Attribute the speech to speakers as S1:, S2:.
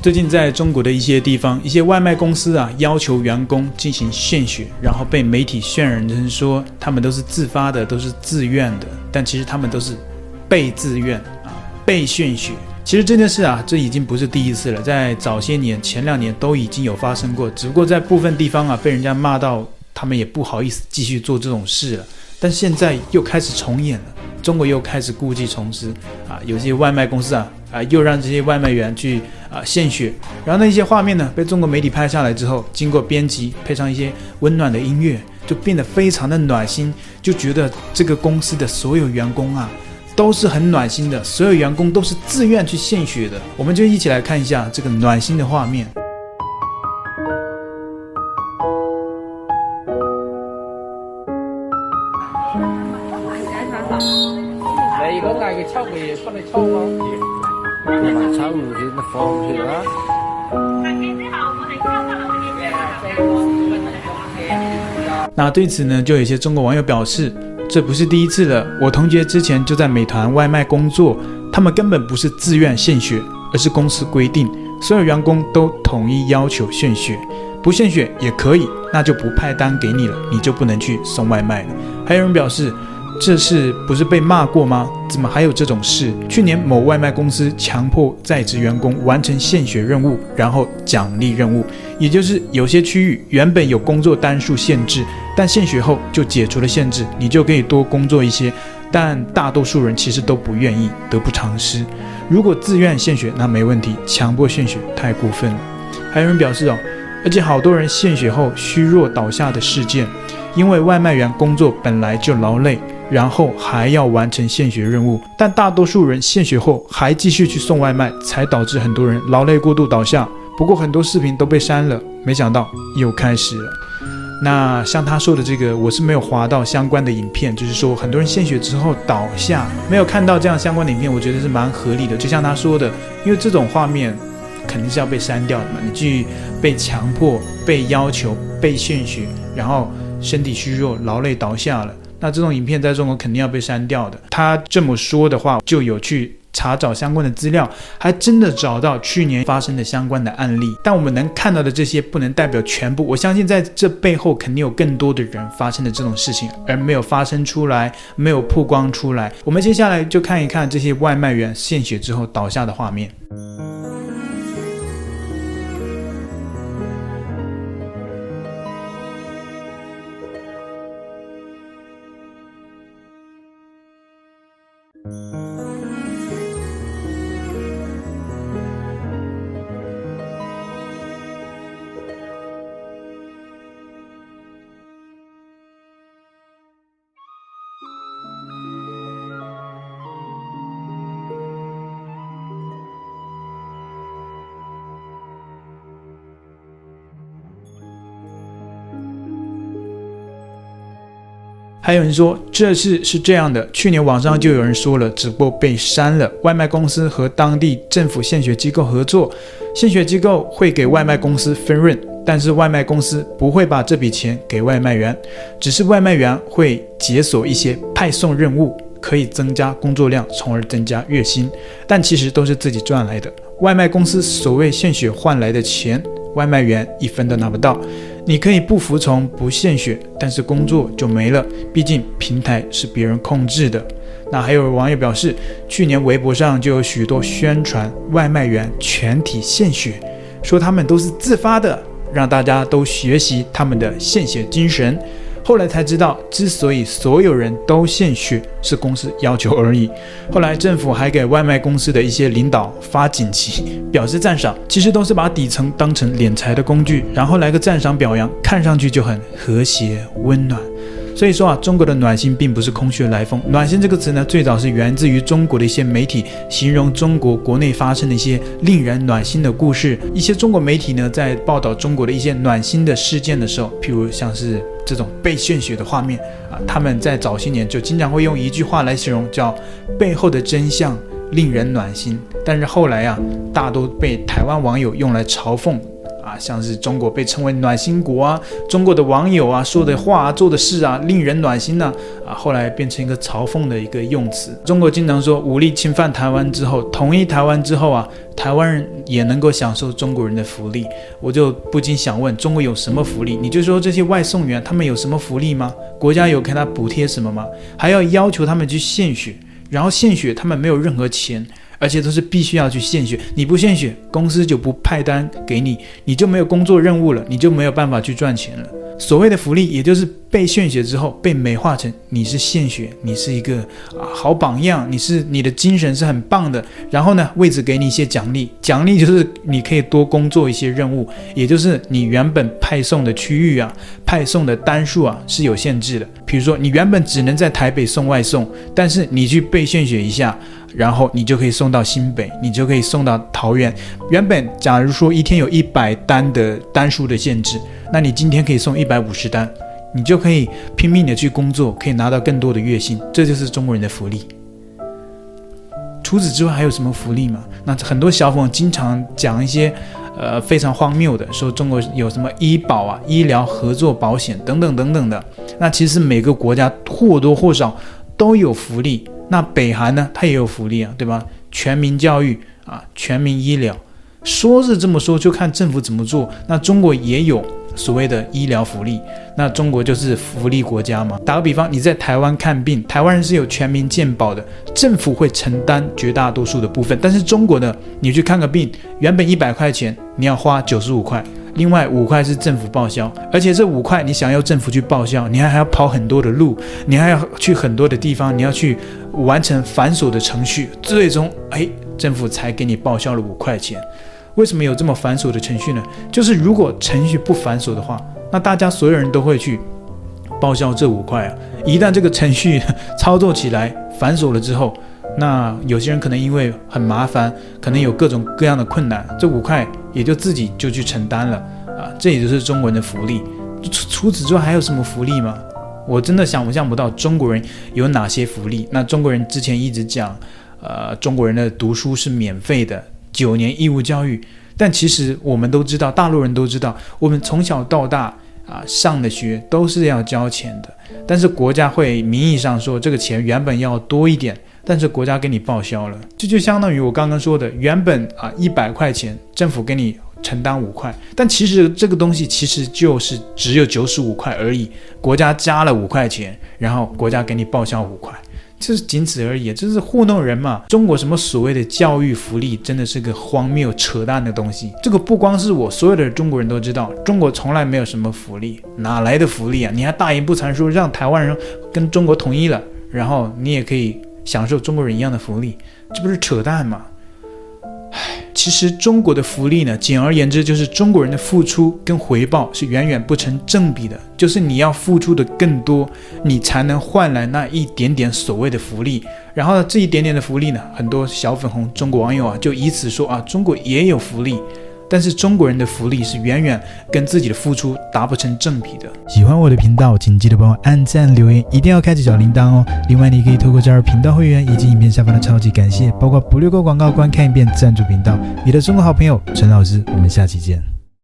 S1: 最近在中國的一些地方，一些外賣公司啊，要求員工進行獻血，然後被媒體渲染成說他們都是自發的，都是自願的，但其實他們都是被自願啊，被獻血。其實這件事啊，這已經不是第一次了，在早些年前兩年都已經有發生過，只不過在部分地方啊，被人家罵到他們也不好意思繼續做這種事了，但現在又開始重演了。中國又開始故伎重施啊，有些外賣公司啊啊，又讓這些外賣員去。啊、呃！獻血，然後那些畫面呢，被中國媒體拍下來之後，經過編輯，配上一些溫暖的音樂，就變得非常的暖心，就覺得這個公司的所有員工啊，都是很暖心的，所有員工都是自願去獻血的。我們就一起來看一下這個暖心的畫面。來一嗯，那對此呢，就有些中國網友表示，這不是第一次了。我同學之前就在美團外賣工作，他們根本不是自願獻血，而是公司規定，所有員工都統一要求獻血，不獻血也可以，那就不派單給你了，你就不能去送外賣了。還有人表示。這事不是被罵過嗎？怎麼還有這種事？去年某外賣公司強迫在職員工完成獻血任務，然後獎勵任務，也就是有些區域原本有工作單數限制，但獻血後就解除了限制，你就可以多工作一些。但大多數人其實都不願意，得不償失。如果自願獻血，那沒問題；強迫獻血太過分了。還有人表示哦，而且好多人獻血後虛弱倒下的事件。因為外賣員工作本來就勞累，然後還要完成獻血任務，但大多數人獻血後還繼續去送外賣，才導致很多人勞累過度倒下。不過很多視頻都被刪了，沒想到又開始了。那像他說的這個，我是沒有滑到相關的影片，就是說很多人獻血之後倒下，沒有看到這樣相關的影片，我覺得是蠻合理的。就像他說的，因為這種畫面肯定是要被刪掉的嘛，你去被強迫、被要求、被獻血，然後。身體虛弱，勞累倒下了。那這種影片在中國肯定要被刪掉的。他這麼說的話，就有去查找相關的資料，還真的找到去年發生的相關的案例。但我們能看到的這些不能代表全部。我相信在這背後肯定有更多的人發生的這種事情，而沒有發生出來，沒有曝光出來。我們接下來就看一看這些外賣員獻血之後倒下的畫面。還有人說這事是這樣的：去年網上就有人說了，只不過被刪了。外賣公司和當地政府獻血機構合作，獻血機構會給外賣公司分潤，但是外賣公司不會把這筆錢給外賣員，只是外賣員會解鎖一些派送任務，可以增加工作量，從而增加月薪。但其實都是自己賺來的。外賣公司所謂獻血換來的錢，外賣員一分都拿不到。你可以不服從、不獻血，但是工作就沒了，畢竟平台是別人控制的。那還有網友表示，去年微博上就有許多宣傳外賣員全體獻血，說他們都是自發的，讓大家都學習他們的獻血精神。後來才知道，之所以所有人都獻血是公司要求而已。後來政府還給外賣公司的一些領導發錦旗，表示讚賞。其實都是把底層當成斂財的工具，然後來個讚賞表揚，看上去就很和諧溫暖。所以說啊，中國的暖心並不是空穴來風。暖心這個詞呢，最早是源自於中國的一些媒體，形容中國國內發生的一些令人暖心的故事。一些中國媒體呢，在報道中國的一些暖心的事件的時候，譬如像是這種被獻血的畫面啊，他們在早些年就經常會用一句話來形容，叫“背後的真相令人暖心”。但是後來啊，大都被台灣網友用來嘲諷。啊，像是中國被稱為暖心國啊，中國的網友啊說的話啊、做的事啊，令人暖心呢，啊。啊，後來變成一個嘲諷的一個用詞。中國經常說，武力侵犯台灣之後，統一台灣之後啊，台灣人也能夠享受中國人的福利。我就不禁想問，中國有什麼福利？你就說這些外送員，他們有什麼福利嗎？國家有給他補貼什麼嗎？還要要求他們去獻血，然後獻血，他們沒有任何錢。而且都是必須要去獻血，你不獻血，公司就不派單給你，你就沒有工作任務了，你就沒有辦法去賺錢了。所謂的福利，也就是被獻血之後被美化成你是獻血，你是一個啊好榜樣，你是你的精神是很棒的。然後呢，為此給你一些獎勵，獎勵就是你可以多工作一些任務，也就是你原本派送的區域啊，派送的單數啊是有限制的。比如說，你原本只能在台北送外送，但是你去被獻血一下，然後你就可以送到新北，你就可以送到桃園。原本假如說一天有一百單的單數的限制，那你今天可以送一百五十單，你就可以拼命的去工作，可以拿到更多的月薪。這就是中國人的福利。除此之外還有什麼福利嗎？那很多小粉經常講一些。呃，非常荒謬的說，中國有什麼醫保啊、醫療合作保險等等等等的。那其實每個國家或多或少都有福利。那北韓呢，它也有福利啊，對吧？全民教育啊，全民醫療。說是這麼說，就看政府怎麼做。那中國也有，所謂的醫療福利，那中國就是福利國家嘛。打個比方，你在台灣看病，台灣人是有全民健保的，政府會承擔絕大多數的部分。但是中國的，你去看個病，原本一百塊錢，你要花九十五塊，另外五塊是政府報銷。而且這五塊，你想要政府去報銷，你還還要跑很多的路，你還要去很多的地方，你要去完成繁瑣的程序，最終，哎，政府才給你報銷了五塊錢。為什麼有這麼繁瑣的程序呢？就是如果程序不繁瑣的話，那大家所有人都會去報銷這五塊啊。一旦這個程序操作起來繁瑣了之後，那有些人可能因為很麻煩，可能有各種各樣的困難，這五塊也就自己就去承擔了啊。這也就是中國人的福利。除除此之外還有什麼福利嗎？我真的想象不到中國人有哪些福利。那中國人之前一直講，呃，中國人的讀書是免費的。九年義務教育，但其實我們都知道，大陸人都知道，我們從小到大啊，呃，上的學都是要交錢的，但是國家會名義上說這個錢原本要多一點，但是國家給你報銷了，這就相當於我剛剛說的，原本啊一百塊錢，政府給你承擔五塊，但其實這個東西其實就是只有九十五塊而已，國家加了五塊錢，然後國家給你報銷五塊。就是僅此而已，就是糊弄人嘛！中國什麼所謂的教育福利，真的是個荒謬扯淡的東西。這個不光是我，所有的中國人都知道，中國從來沒有什麼福利，哪來的福利啊？你還大言不慚說讓台灣人跟中國統一了，然後你也可以享受中國人一樣的福利，這不是扯淡嗎？其實中國的福利呢，簡而言之就是中國人的付出跟回報是遠遠不成正比的，就是你要付出的更多，你才能換來那一點點所謂的福利。然後呢，這一點點的福利呢，很多小粉紅中國網友啊，就以此說啊，中國也有福利。但是中國人的福利是遠遠跟自己的付出達不成正比的。喜歡我的頻道，請記得幫我按讚、留言，一定要開啟小鈴鐺哦。另外，你可以透過加入頻道會員以及影片下方的超級感謝，包括不略過廣告、觀看一遍贊助頻道。你的中國好朋友陳老師，我們下期見。